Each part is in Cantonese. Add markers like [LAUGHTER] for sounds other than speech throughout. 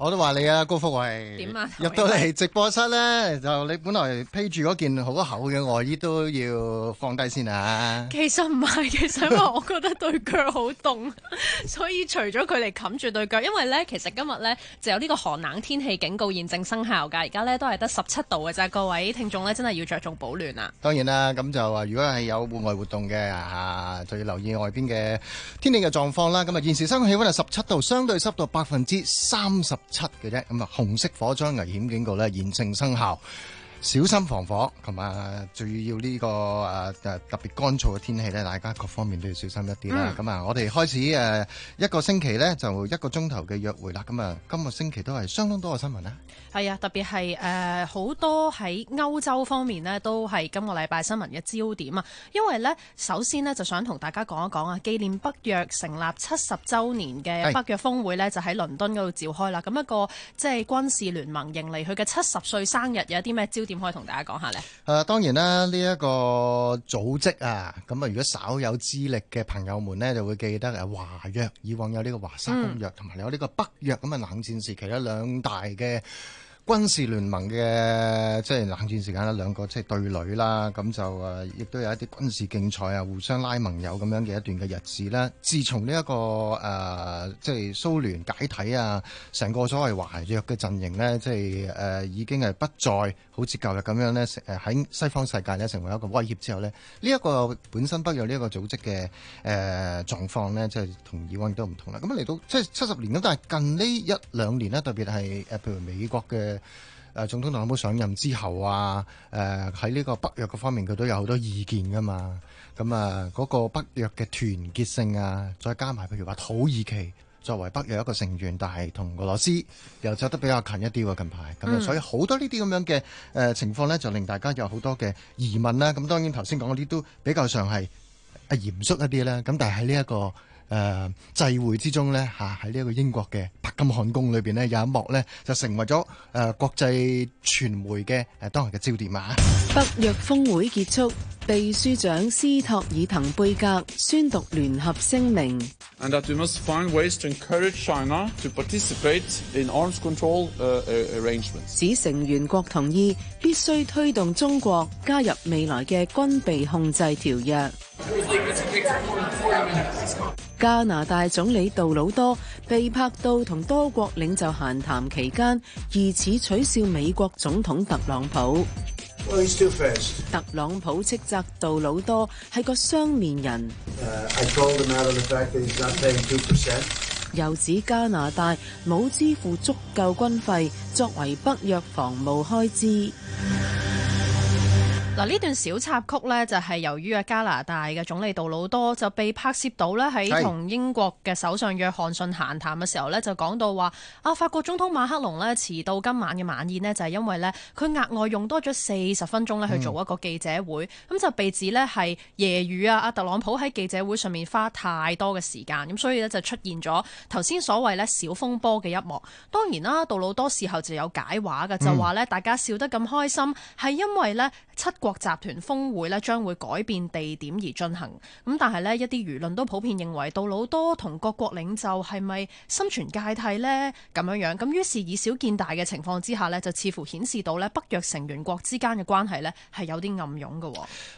我都話你啊，高福衛、點啊、入到嚟直播室咧，就你本來披住嗰件好厚嘅外衣都要放低先啊。其實唔係，其實我覺得對腳好凍， [LAUGHS] 所以除咗佢嚟冚住對腳，因為咧，其實今日咧就有呢個寒冷天氣警告現正生效㗎。呢而家咧都係得十七度㗎啫，各位聽眾咧真係要着重保暖啊。當然啦，咁就話如果係有戶外活動嘅啊，就要留意外邊嘅天氣嘅狀況啦。咁啊，現時香港氣温係十七度，相對濕度百分之三十。七嘅啫，咁啊，紅色火災危險警告咧現正生效，小心防火同埋，仲要呢個誒誒特別乾燥嘅天氣咧，大家各方面都要小心一啲啦。咁啊，我哋開始誒一個星期咧就一個鐘頭嘅約會啦。咁啊，今個星期都係相當多嘅新聞啦。係啊，特別係誒好多喺歐洲方面呢，都係今個禮拜新聞嘅焦點啊。因為呢，首先呢，就想同大家講一講啊，紀念北約成立七十週年嘅北約峰會呢，的就喺倫敦嗰度召開啦。咁一個即係軍事聯盟迎嚟佢嘅七十歲生日，有啲咩焦點可以同大家講下呢？誒、呃，當然啦，呢、這、一個組織啊，咁啊，如果稍有資歷嘅朋友們呢，就會記得誒華約，以往有呢個華沙公約，同埋、嗯、有呢個北約，咁啊冷戰時期呢兩大嘅。軍事聯盟嘅即係冷戰時間啦，兩個即係對壘啦，咁就誒亦都有一啲軍事競賽啊，互相拉盟友咁樣嘅一段嘅日子啦。自從呢、這、一個誒、呃、即係蘇聯解體啊，成個所謂華約嘅陣營呢，即係誒、呃、已經係不再好似舊日咁樣呢，誒喺西方世界咧成為一個威脅之後呢，呢、這、一個本身北約呢一個組織嘅誒、呃、狀況呢，即係同以往亦都唔同啦。咁嚟到即係七十年咁，但係近呢一兩年呢，特別係誒譬如美國嘅。誒，總統特朗普上任之後啊，誒喺呢個北約方面，佢都有好多意見噶嘛。咁、嗯、啊，嗰、那個北約嘅團結性啊，再加埋譬如話土耳其作為北約一個成員，但係同俄羅斯又走得比較近一啲喎。近排咁，所以好多呢啲咁樣嘅誒、呃、情況呢，就令大家有好多嘅疑問啦、啊。咁當然頭先講嗰啲都比較上係啊嚴肅一啲啦。咁但係呢一個。誒祭、uh, 會之中咧嚇，喺呢一個英國嘅白金漢宮裏邊咧，有一幕咧就成為咗誒、呃、國際傳媒嘅誒、呃、當日嘅焦點啊！北約峰會結束，秘書長斯托爾滕貝格宣讀聯合聲明。And that we must find ways to encourage China to participate in arms control arrangements. 使成員國同意必須推動中國加入未來嘅軍備控制條約。 [LAUGHS] 加拿大總理杜魯多被拍到同多國領袖閒談期間，疑似取笑美國總統特朗普。Well, 特朗普斥責杜魯多係個雙面人，uh, the the 又指加拿大冇支付足夠軍費作為北約防務開支。嗱呢段小插曲呢，就係由於嘅加拿大嘅總理杜魯多就被拍攝到呢，喺同英國嘅首相約翰遜閒談嘅時候呢，就講到話啊，法國總統馬克龍呢，遲到今晚嘅晚宴呢，就係因為呢，佢額外用多咗四十分鐘呢去做一個記者會，咁、嗯、就被指呢係夜語啊，阿特朗普喺記者會上面花太多嘅時間，咁所以呢，就出現咗頭先所謂呢「小風波」嘅一幕。當然啦，杜魯多事後就有解話嘅，就話呢，大家笑得咁開心係因為呢，七國集團峰會咧，將會改變地點而進行，咁但係咧一啲輿論都普遍認為杜魯多同各國領袖係咪心存芥蒂呢？咁樣樣，咁於是以小見大嘅情況之下呢，就似乎顯示到呢北約成員國之間嘅關係呢係有啲暗湧嘅。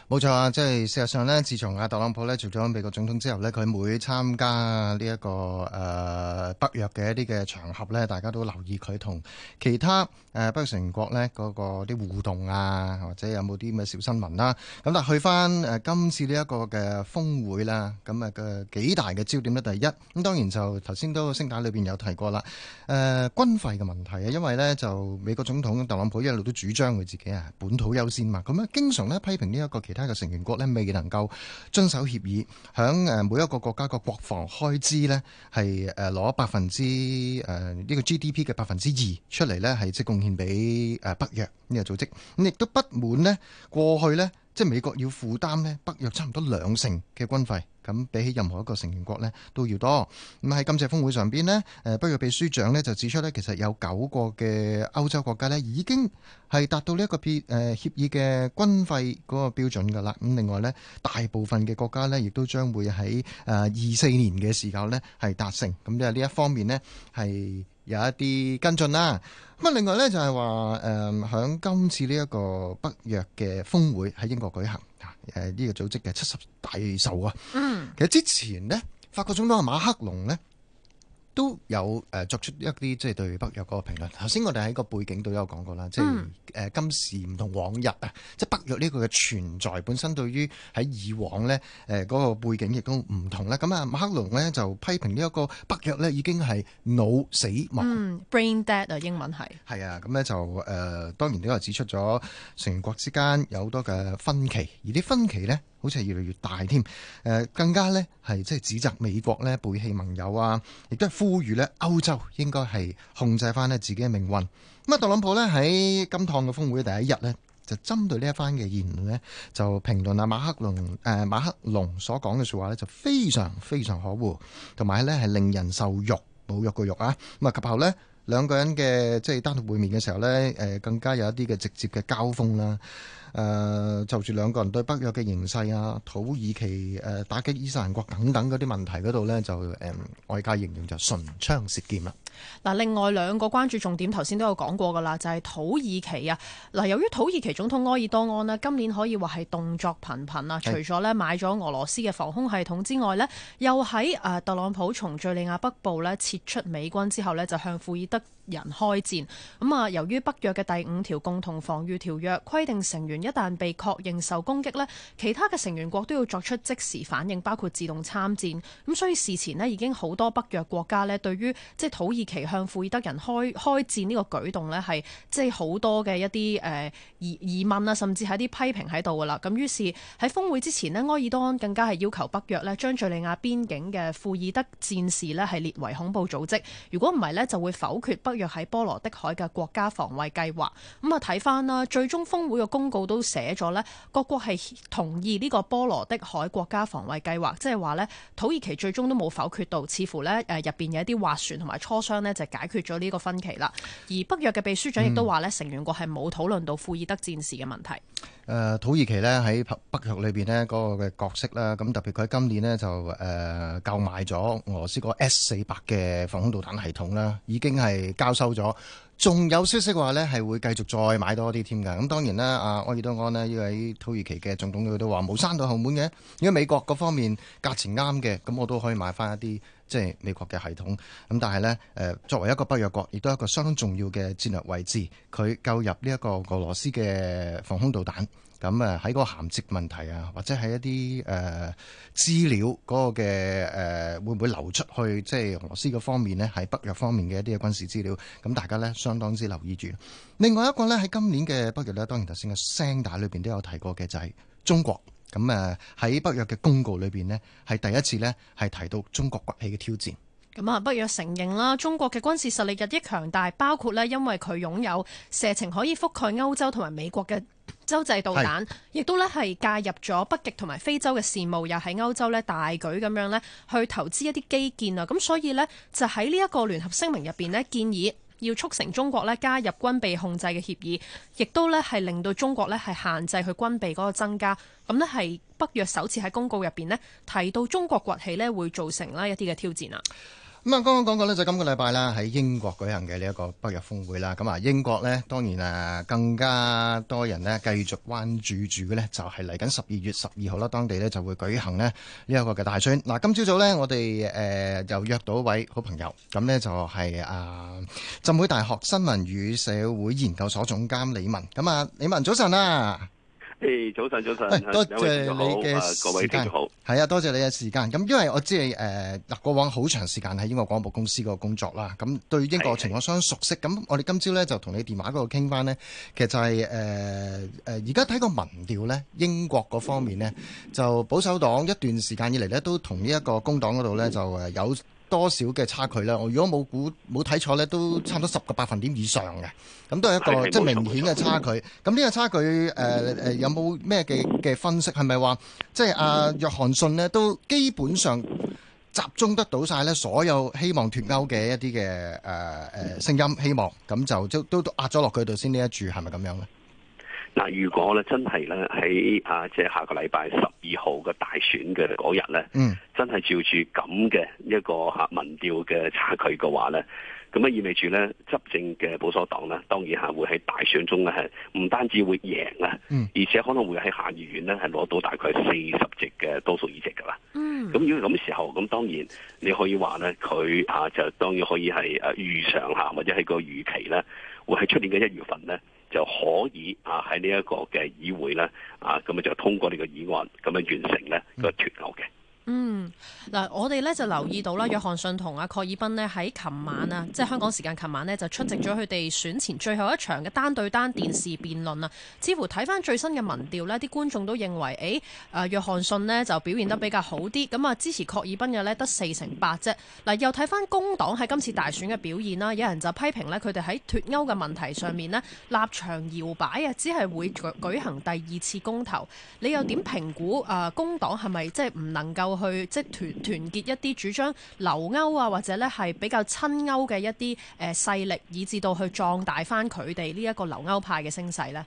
冇錯啊，即係事實上呢，自從阿特朗普咧做咗美國總統之後呢，佢每參加呢、這、一個誒、呃、北約嘅一啲嘅場合咧，大家都留意佢同其他誒北約成員國呢嗰個啲互動啊，或者有冇啲。咁嘅小新聞啦。咁但係去翻誒今次呢一個嘅峰會啦，咁誒嘅幾大嘅焦點呢？第一咁當然就頭先都聲帶裏邊有提過啦。誒、呃、軍費嘅問題啊，因為呢就美國總統特朗普一路都主張佢自己啊本土優先嘛，咁咧經常呢批評呢一個其他嘅成員國呢，未能夠遵守協議，響誒每一個國家個國防開支呢係誒攞百分之誒呢、呃這個 GDP 嘅百分之二出嚟呢，係即係貢獻俾誒北約呢個組織。亦都不滿呢。過去呢，即係美國要負擔呢，北約差唔多兩成嘅軍費，咁比起任何一個成員國呢，都要多。咁喺今次峰會上邊呢，誒北約秘書長呢就指出呢，其實有九個嘅歐洲國家呢，已經係達到呢一個別誒協議嘅軍費嗰個標準㗎喇。咁另外呢，大部分嘅國家呢，亦都將會喺誒二四年嘅時候呢，係達成。咁即係呢一方面呢，係。有一啲跟進啦，咁啊另外咧就係話誒響今次呢一個北約嘅峰會喺英國舉行嚇，誒、呃、呢、呢個組織嘅七十大壽啊，嗯，其實之前呢，法國總統馬克龍呢。都有誒作出一啲即係對北約嗰個評論。頭先我哋喺個背景度有講過啦，即係誒今時唔同往日啊，即係北約呢個嘅存在本身對於喺以往咧誒嗰個背景亦都唔同啦。咁啊，馬克龍咧就批評呢一個北約咧已經係腦死亡、嗯、，brain dead 啊，英文係。係、呃、啊，咁咧就誒當然都係指出咗成員國之間有好多嘅分歧，而啲分歧咧，好似係越嚟越大添，誒、呃、更加呢係即係指責美國呢背棄盟友啊，亦都係呼籲呢歐洲應該係控制返呢自己嘅命運。咁、嗯、啊，特朗普呢喺今趟嘅峰會第一日呢，就針對呢一番嘅言論呢，就評論啊、呃，馬克龍誒馬克龍所講嘅説話呢，就非常非常可惡，同埋呢係令人受辱侮辱嗰辱啊。咁、嗯、啊，及後呢兩個人嘅即係單獨會面嘅時候呢，誒、呃、更加有一啲嘅直接嘅交鋒啦。誒、呃、就住兩個人對北約嘅形勢啊、土耳其誒、呃、打擊伊斯蘭國等等嗰啲問題嗰度呢，就誒、呃、外界形容就唇槍舌劍啦。嗱，另外兩個關注重點，頭先都有講過噶啦，就係、是、土耳其啊。嗱，由於土耳其總統埃爾多安咧，今年可以話係動作頻頻啊，是除咗咧買咗俄羅斯嘅防空系統之外呢，又喺誒、呃、特朗普從敘利亞北部咧撤出美軍之後呢，就向庫爾德人開戰咁啊、嗯！由於北約嘅第五條共同防禦條約規定，成員一旦被確認受攻擊呢，其他嘅成員國都要作出即時反應，包括自動參戰。咁、嗯、所以事前呢已經好多北約國家呢對於即係土耳其向庫爾德人開開戰呢個舉動呢係即係好多嘅一啲誒疑疑問啊，甚至係一啲批評喺度噶啦。咁、嗯、於是喺峰會之前呢，埃爾多安更加係要求北約呢將敍利亞邊境嘅庫爾德戰士呢係列為恐怖組織。如果唔係呢，就會否決北北約喺波羅的海嘅國家防衛計劃咁啊，睇返啦，最終峰會嘅公告都寫咗呢，各國係同意呢個波羅的海國家防衛計劃，即係話咧土耳其最終都冇否決到，似乎呢，誒入邊有一啲划船，同埋磋商呢就解決咗呢個分歧啦。而北約嘅秘書長亦都話呢，成員國係冇討論到庫爾德戰士嘅問題。誒，土耳其呢喺北約裏邊呢嗰個嘅角色啦，咁特別佢喺今年呢就誒購買咗俄羅斯個 S 四百嘅防空導彈系統啦，已經係。交收咗，仲有消息話呢係會繼續再買多啲添噶。咁當然啦，阿埃爾多安咧依位土耳其嘅總統，佢都話冇閂到後門嘅。如果美國嗰方面價錢啱嘅，咁我都可以買翻一啲即係美國嘅系統。咁但係呢，誒、呃、作為一個北約國，亦都係一個相當重要嘅戰略位置，佢購入呢一個俄羅斯嘅防空導彈。咁啊，喺嗰個鹹蝕問題啊，或者喺一啲誒、呃、資料嗰個嘅誒、呃，會唔會流出去，即係俄羅斯嗰方面呢，喺北約方面嘅一啲軍事資料，咁大家呢相當之留意住。另外一個呢，喺今年嘅北約呢，當然頭先嘅聲帶裏邊都有提過嘅就係中國。咁啊喺北約嘅公告裏邊呢，係第一次呢，係提到中國崛起嘅挑戰。咁啊，北約承認啦，中國嘅軍事實力日益強大，包括呢，因為佢擁有射程可以覆蓋歐洲同埋美國嘅洲際導彈，亦是都呢係介入咗北極同埋非洲嘅事務，又喺歐洲呢大舉咁樣呢去投資一啲基建啊。咁所以呢，就喺呢一個聯合聲明入邊呢，建議要促成中國呢加入軍備控制嘅協議，亦都呢係令到中國呢係限制佢軍備嗰個增加。咁呢係北約首次喺公告入邊呢提到中國崛起呢會造成啦一啲嘅挑戰啊。咁啊，剛剛講過咧，就今個禮拜啦，喺英國舉行嘅呢一個北約峰會啦。咁啊，英國咧當然啊，更加多人咧繼續關注住嘅咧，就係嚟緊十二月十二號啦，當地咧就會舉行咧呢一個嘅大選。嗱，今朝早咧，我哋誒、呃、又約到一位好朋友，咁咧就係、是、啊、呃、浸會大學新聞與社會研究所總監李文。咁啊，李文早晨啊！Hey, 早晨，早晨，hey, 多謝多好你嘅時間，係啊，多謝你嘅時間。咁因為我知你誒、呃，過往好長時間喺英國廣播公司個工作啦，咁對於英國情況相當熟悉。咁的我哋今朝咧就同你電話嗰度傾翻，呢，其實係誒誒，而家睇個民調呢，英國嗰方面呢，嗯、就保守黨一段時間以嚟呢都同呢一個工黨嗰度呢、嗯、就誒有。多少嘅差距咧？我如果冇估冇睇錯咧，都差唔多十個百分點以上嘅，咁都係一個即係明顯嘅差距。咁呢錯個差距誒誒、嗯呃、有冇咩嘅嘅分析？係咪話即係阿、啊、約翰遜呢都基本上集中得到晒咧所有希望脫歐嘅一啲嘅誒誒聲音，希望咁、嗯嗯、就都都壓咗落佢度先呢一注係咪咁樣呢？嗱，如果咧真係咧喺啊，即係下個禮拜十二號嘅大。日咧，嗯、真係照住咁嘅一個嚇民調嘅差距嘅話咧，咁啊意味住咧執政嘅保守黨咧，當然嚇、啊、會喺大選中咧係唔單止會贏啊，嗯、而且可能會喺下議院咧係攞到大概四十席嘅多數議席㗎喇。嗯，咁如果咁時候，咁當然你可以話咧，佢嚇、啊、就當然可以係誒預想下或者係個預期咧，會喺出年嘅一月份咧。就可以啊喺呢一個嘅議會咧啊，咁啊就通過呢個議案，咁樣完成咧個脫歐嘅。嗯，嗱，我哋咧就留意到啦，約翰遜同阿科爾賓咧喺琴晚啊，晚即係香港時間琴晚咧就出席咗佢哋選前最後一場嘅單對單電視辯論啊。似乎睇翻最新嘅民調咧，啲觀眾都認為誒，誒、欸呃、約翰遜咧就表現得比較好啲，咁啊支持科爾賓嘅咧得四成八啫。嗱，又睇翻工黨喺今次大選嘅表現啦，有人就批評咧佢哋喺脫歐嘅問題上面咧立場搖擺啊，只係會舉舉行第二次公投，你又點評估啊、呃、工黨係咪即係唔能夠？去即團團結一啲主張留歐啊，或者呢係比較親歐嘅一啲誒勢力，以至到去壯大翻佢哋呢一個留歐派嘅聲勢呢。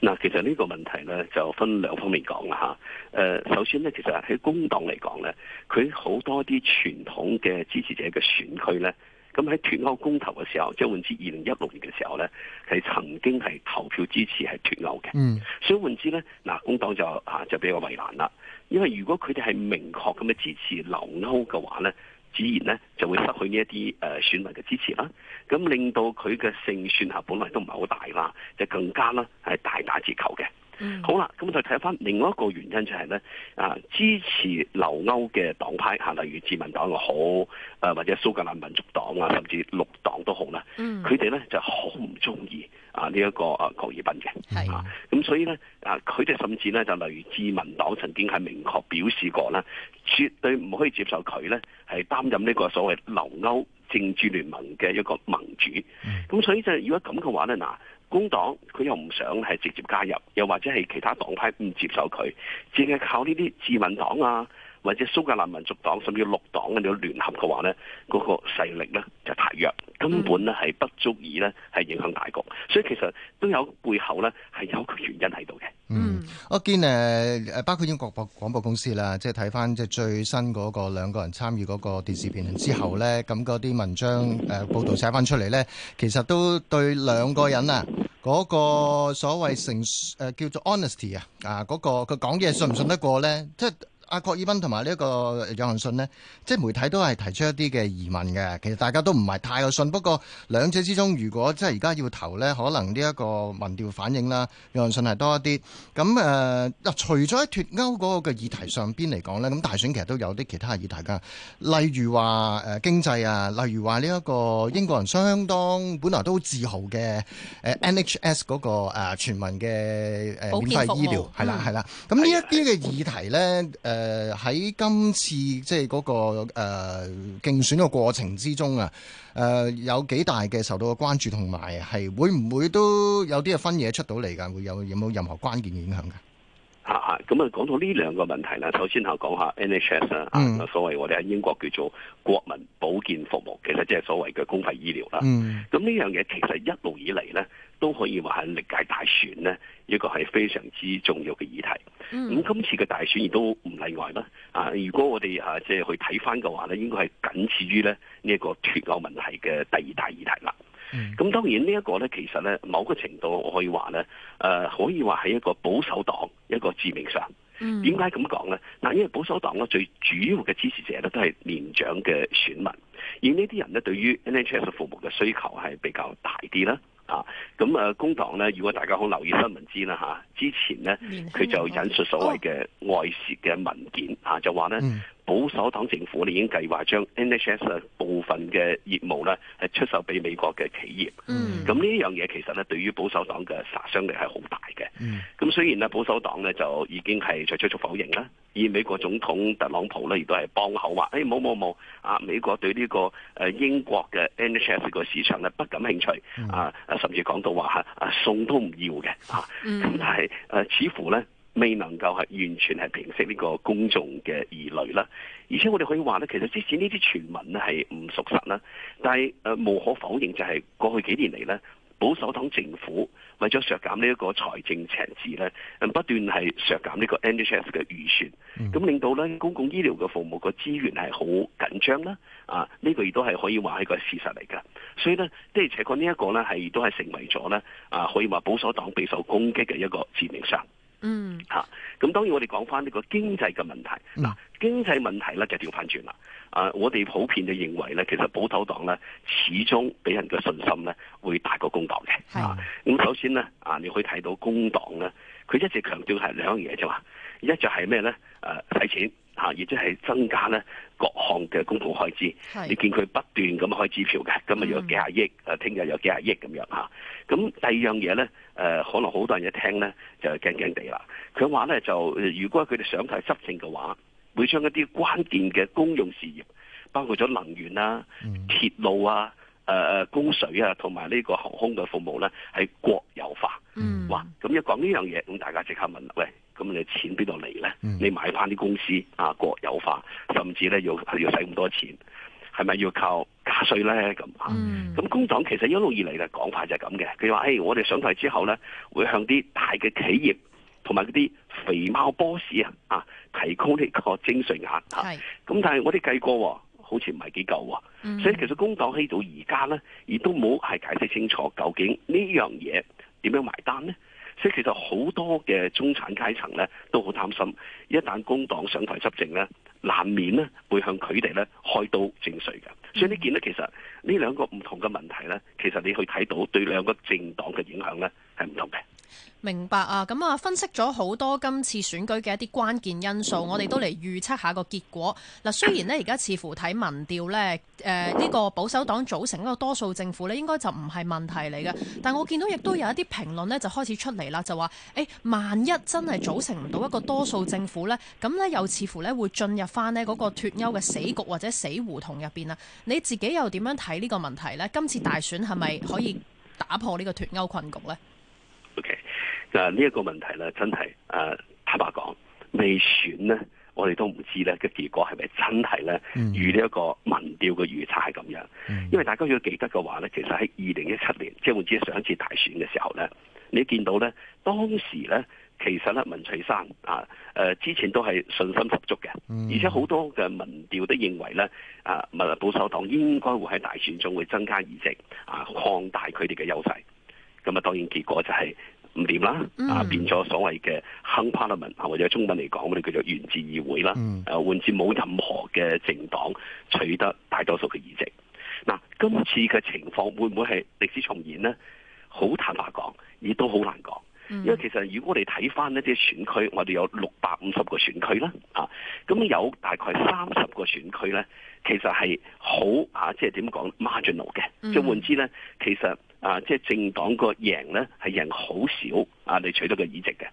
嗱，其實呢個問題呢，就分兩方面講啦吓。誒，首先呢，其實喺工黨嚟講呢，佢好多啲傳統嘅支持者嘅選區呢。咁喺脱歐公投嘅時候，即換言之二零一六年嘅時候咧，係曾經係投票支持係脱歐嘅。嗯、所以換言之咧，嗱工黨就嚇就比較為難啦。因為如果佢哋係明確咁嘅支持留歐嘅話咧，自然咧就會失去呢一啲誒選民嘅支持啦。咁令到佢嘅勝算嚇本嚟都唔係好大啦，就更加啦係大打折扣嘅。嗯、好啦，咁就睇翻另外一個原因就係咧，啊支持留歐嘅黨派嚇、啊，例如自民黨又好，誒、啊、或者蘇格蘭民族黨啊，甚至綠黨都好啦。嗯，佢哋咧就好唔中意啊呢一個啊郝爾彬嘅。係的啊，咁所以咧啊，佢哋甚至咧就例如自民黨曾經係明確表示過啦，絕對唔可以接受佢咧係擔任呢個所謂留歐政治聯盟嘅一個盟主。嗯，咁所以就係如果咁嘅話咧嗱。呢工黨佢又唔想係直接加入，又或者係其他黨派唔接受佢，淨係靠呢啲自民黨啊。或者蘇格蘭民族黨甚至綠黨嘅你聯合嘅話咧，嗰個勢力咧就太弱，根本咧係不足以咧係影響大局，所以其實都有背後咧係有一個原因喺度嘅。嗯，我見誒誒，包括英國博廣播公司啦，即係睇翻即係最新嗰個兩個人參與嗰個電視辯論之後咧，咁嗰啲文章誒報道寫翻出嚟咧，其實都對兩個人啊嗰個所謂成誒叫做 honesty 啊啊嗰個佢講嘢信唔信得過咧，即係。阿郭爾斌同埋呢一個約翰遜呢，即係媒體都係提出一啲嘅疑問嘅。其實大家都唔係太過信。不過兩者之中，如果即係而家要投呢，可能呢一個民調反應啦，約翰遜係多一啲。咁誒嗱，除咗喺脫歐嗰個嘅議題上邊嚟講呢，咁大選其實都有啲其他嘅議題噶。例如話誒經濟啊，例如話呢一個英國人相當本來都好自豪嘅 NHS 嗰個全民嘅誒免費醫療係啦係啦。咁呢一啲嘅議題呢。誒、呃。誒，喺今次即係嗰、那個誒、呃、競選嘅過程之中啊，誒、呃、有幾大嘅受到嘅關注，同埋係會唔會都有啲嘅分野出到嚟噶？會有有冇任何關鍵影響噶？吓咁啊，講到呢兩個問題啦，首先啊，講下 NHS 啊，所謂我哋喺英國叫做國民保健服務，其實即係所謂嘅公費醫療啦。咁呢樣嘢其實一路以嚟咧。都可以話係歷屆大選咧，一個係非常之重要嘅議題。咁、嗯、今次嘅大選亦都唔例外啦。啊，如果我哋啊即係去睇翻嘅話咧，應該係僅次於咧呢一個脱歐問題嘅第二大議題啦。咁、嗯、當然呢一個咧，其實咧某個程度我可以話咧，誒、呃、可以話係一個保守黨一個致命傷。點解咁講咧？嗱，因為保守黨咧最主要嘅支持者咧都係年長嘅選民，而呢啲人咧對於 NHS 服務嘅需求係比較大啲啦。啊，咁啊，工黨咧，如果大家好留意新聞 [COUGHS] 知啦吓、啊、之前咧佢就引述所謂嘅外泄嘅文件吓、啊、就話咧。 [COUGHS] 保守黨政府，已經計劃將 NHS 部分嘅業務咧，係出售俾美國嘅企業。嗯。咁呢樣嘢其實咧，對於保守黨嘅殺傷力係好大嘅。嗯。咁雖然咧，保守黨咧就已經係在迅速否認啦，而美國總統特朗普咧亦都係幫口話，誒冇冇冇！啊、哎，美國對呢個誒英國嘅 NHS 個市場咧不感興趣。啊甚至講到話嚇啊，送都唔要嘅嚇。咁但係誒，似乎咧，未能夠係完全係平息呢個公眾嘅疑慮啦，而且我哋可以話咧，其實即使呢啲傳聞咧係唔屬實啦，但係誒、呃、無可否認就係過去幾年嚟呢，保守黨政府為咗削減呢一個財政赤字呢，不斷係削減呢個 NHS 嘅預算，咁、嗯、令到呢公共醫療嘅服務個資源係好緊張啦。啊，呢、這個亦都係可以話係一個事實嚟噶。所以呢，即係且確呢一個呢，係都係成為咗呢，啊，可以話保守黨備受攻擊嘅一個致命傷。嗯吓，咁、啊、當然我哋講翻呢個經濟嘅問題。嗱、嗯，經濟問題咧就調翻轉啦。啊，我哋普遍就認為咧，其實保守黨咧始終俾人嘅信心咧會大過工黨嘅。嗯、啊，咁首先咧啊，你可以睇到工黨咧，佢一直強調係兩樣嘢啫嘛。一就係咩咧？誒、啊，使錢。嚇，亦即係增加咧各項嘅公共開支，的你見佢不斷咁開支票嘅，今日有幾廿億，誒聽日有幾廿億咁樣嚇。咁第二樣嘢咧，誒可能好多人一聽咧就驚驚地啦。佢話咧就，如果佢哋上台執政嘅話，會將一啲關鍵嘅公用事業，包括咗能源啊、鐵路啊。嗯誒誒、呃，供水啊，同埋呢個航空嘅服務咧，係國有化。嗯。哇！咁一講呢樣嘢，咁大家即刻問：喂，咁你錢邊度嚟咧？嗯、你買翻啲公司啊，國有化，甚至咧要要使咁多錢，係咪要靠加稅咧？咁啊？咁、嗯、工黨其實一路以嚟嘅講法就係咁嘅，佢話：誒、欸，我哋上台之後咧，會向啲大嘅企業同埋嗰啲肥貓 boss 啊，啊，提供呢個徵稅額啊。咁、啊、但係我哋計過、哦。好似唔係幾夠，嗯、所以其實工黨喺度而家咧，亦都冇係解釋清楚究竟呢樣嘢點樣埋單呢。所以其實好多嘅中產階層咧都好擔心，一旦工黨上台執政咧，難免咧會向佢哋咧開刀徵稅嘅，所以呢件咧其實呢兩個唔同嘅問題咧，其實你去睇到對兩個政黨嘅影響咧係唔同嘅。明白啊，咁啊分析咗好多今次選舉嘅一啲關鍵因素，我哋都嚟預測下個結果。嗱，啊，雖然咧而家似乎睇民調咧，誒，呃，呢個保守黨組成一個多數政府咧，應該就唔係問題嚟嘅。但我見到亦都有一啲評論呢就開始出嚟啦，就話誒，萬一真係組成唔到一個多數政府呢，咁呢，欸，呢又似乎呢會進入翻呢嗰個脱歐嘅死局或者死胡同入邊啊！你自己又點樣睇呢個問題呢？今次大選係咪可以打破呢個脱歐困局呢？OK。啊！呢、這、一個問題咧，真係誒、呃、坦白講，未選呢，我哋都唔知咧嘅結果係咪真係咧，與呢一個民調嘅預測係咁樣。嗯、因為大家要記得嘅話咧，其實喺二零一七年即係換至上一次大選嘅時候咧，你見到咧當時咧其實咧文翠珊啊誒、呃、之前都係信心十足嘅，嗯、而且好多嘅民調都認為咧啊文保守黨應該會喺大選中會增加議席啊，擴大佢哋嘅優勢。咁啊，當然結果就係、是。唔掂啦，啊變咗所謂嘅 hung parliament 啊，或者中文嚟講，我哋叫做懸置議會啦，啊換之冇任何嘅政黨取得大多數嘅議席。嗱、啊，今次嘅情況會唔會係歷史重演呢？好坦白講，亦都好難講，因為其實如果我哋睇翻一啲選區，我哋有六百五十個選區啦，啊，咁有大概三十個選區咧，其實係好啊，即係點講 marginal 嘅，即係換之咧，其實。啊，即係政黨個贏咧，係贏好少啊！你取得個議席嘅。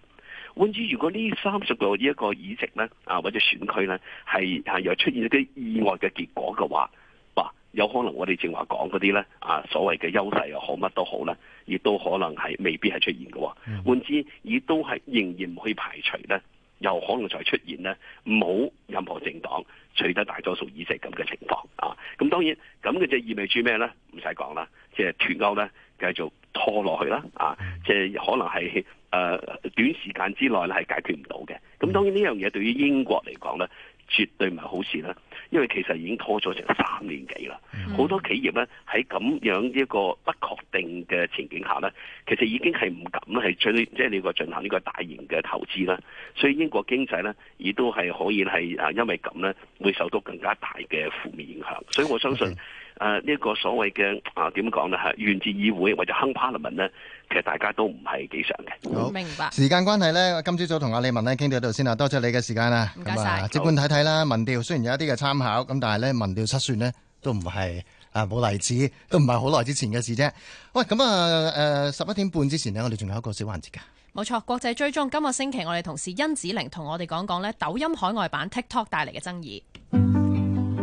換之，如果呢三十個呢一個議席咧，啊或者選區咧，係係又出現啲意外嘅結果嘅話，嗱，有可能我哋正話講嗰啲咧，啊所謂嘅優勢又好乜都好咧，亦都可能係未必係出現嘅。換之，亦都係仍然唔可以排除咧，又可能再出現咧冇任何政黨取得大多數議席咁嘅情況啊。咁、啊嗯、當然，咁嘅就意味住咩咧？唔使講啦，即係脫歐咧。繼續拖落去啦，啊，即係可能係誒、呃、短時間之內咧係解決唔到嘅。咁當然呢樣嘢對於英國嚟講咧，絕對唔係好事啦，因為其實已經拖咗成三年幾啦。好、嗯、多企業咧喺咁樣一個不確定嘅情景下咧，其實已經係唔敢係進即係呢個進行呢個大型嘅投資啦。所以英國經濟咧，亦都係可以係啊，因為咁咧會受到更加大嘅負面影響。所以我相信。誒，呢一、啊，這個所謂嘅啊，點講咧吓，原治議會或者亨 Parliament 呢，其實大家都唔係幾想嘅。好，明白。時間關係呢，今朝早同阿李文咧傾到呢度先啦，多謝你嘅時間啦。唔該晒。即管睇睇啦，太太好民調雖然有一啲嘅參考，咁但係呢，民調失算呢，都唔係啊冇例子，都唔係好耐之前嘅事啫。喂，咁啊誒十一點半之前呢，我哋仲有一個小環節噶冇錯，國際追蹤，今個星期我哋同事甄梓鈴同我哋講講呢，抖音海外版 TikTok 帶嚟嘅爭議。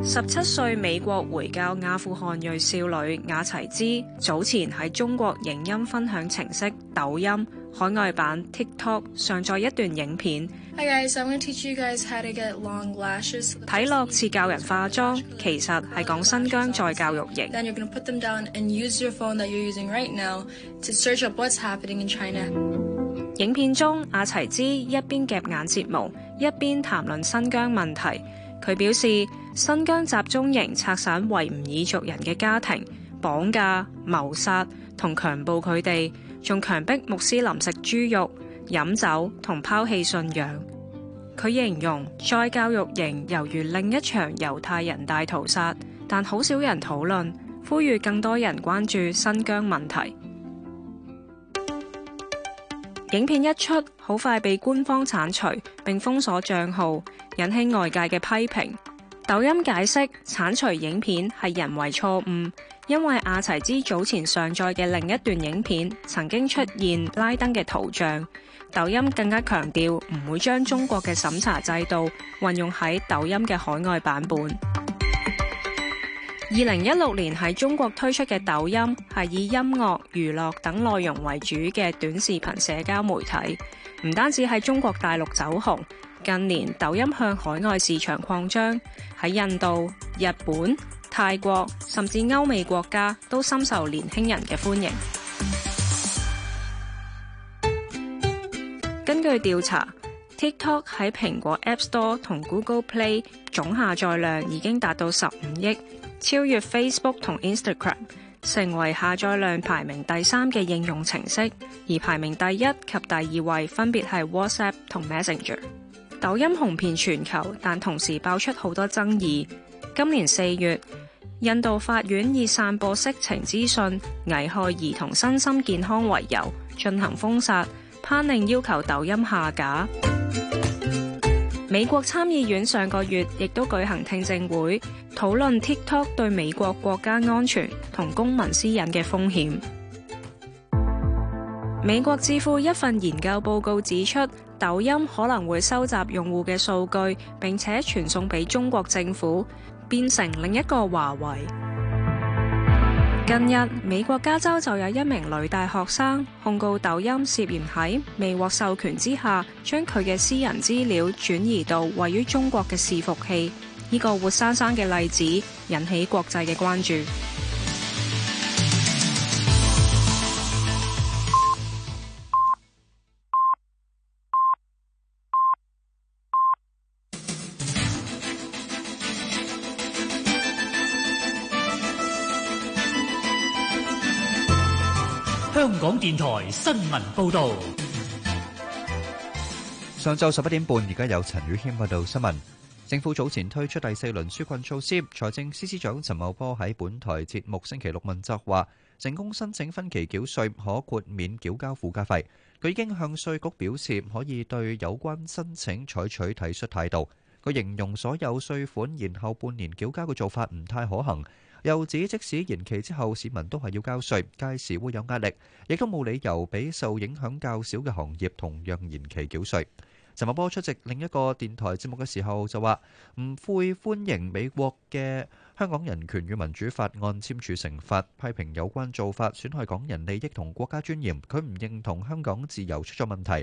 十七歲美國回教阿富汗裔少女雅齊茲早前喺中國影音分享程式抖音海外版 TikTok 上載一段影片，睇落似教人化妝，其實係講新疆再教育營。Then you're gonna put them down and use your phone that you're using right now to search up what's happening in China. 影片中，雅齊茲一邊夾眼睫毛，一邊談論新疆問題。佢表示，新疆集中營拆散維吾爾族人嘅家庭，綁架、謀殺同強暴佢哋，仲強迫穆斯林食豬肉、飲酒同拋棄信仰。佢形容再教育營猶如另一場猶太人大屠殺，但好少人討論，呼籲更多人關注新疆問題。影片一出，好快被官方鏟除並封鎖賬號，引起外界嘅批評。抖音解釋鏟除影片係人為錯誤，因為阿齊茲早前上載嘅另一段影片曾經出現拉登嘅圖像。抖音更加強調唔會將中國嘅審查制度運用喺抖音嘅海外版本。二零一六年喺中國推出嘅抖音係以音樂、娛樂等內容為主嘅短視頻社交媒體，唔單止喺中國大陸走紅，近年抖音向海外市場擴張，喺印度、日本、泰國甚至歐美國家都深受年輕人嘅歡迎。根據調查，TikTok 喺蘋果 App Store 同 Google Play 總下載量已經達到十五億。超越 Facebook 同 Instagram，成為下載量排名第三嘅應用程式，而排名第一及第二位分別係 WhatsApp 同 Messenger。抖音紅遍全球，但同時爆出好多爭議。今年四月，印度法院以散播色情資訊、危害兒童身心健康為由進行封殺，判令要求抖音下架。美國參議院上個月亦都舉行聽證會，討論 TikTok 對美國國家安全同公民私隱嘅風險。美國智庫一份研究報告指出，抖音可能會收集用戶嘅數據，並且傳送俾中國政府，變成另一個華為。近日，美國加州就有一名女大學生控告抖音涉嫌喺未獲授權之下，將佢嘅私人資料轉移到位於中國嘅伺服器。呢個活生生嘅例子引起國際嘅關注。電台新聞報道：上晝十一點半，而家有陳宇謙報道新聞。政府早前推出第四輪紓困措施，財政司司長陳茂波喺本台節目星期六問責話，成功申請分期繳稅可豁免繳交附加費。佢已經向稅局表示，可以對有關申請採取體恤態度。佢形容所有稅款延後半年繳交嘅做法唔太可行。又指即使延期之後，市民都係要交稅，屆時會有壓力，亦都冇理由俾受影響較少嘅行業同樣延期繳稅。陳茂波出席另一個電台節目嘅時候就話：唔會歡迎美國嘅《香港人權與民主法案》簽署成法，批評有關做法損害港人利益同國家尊嚴。佢唔認同香港自由出咗問題。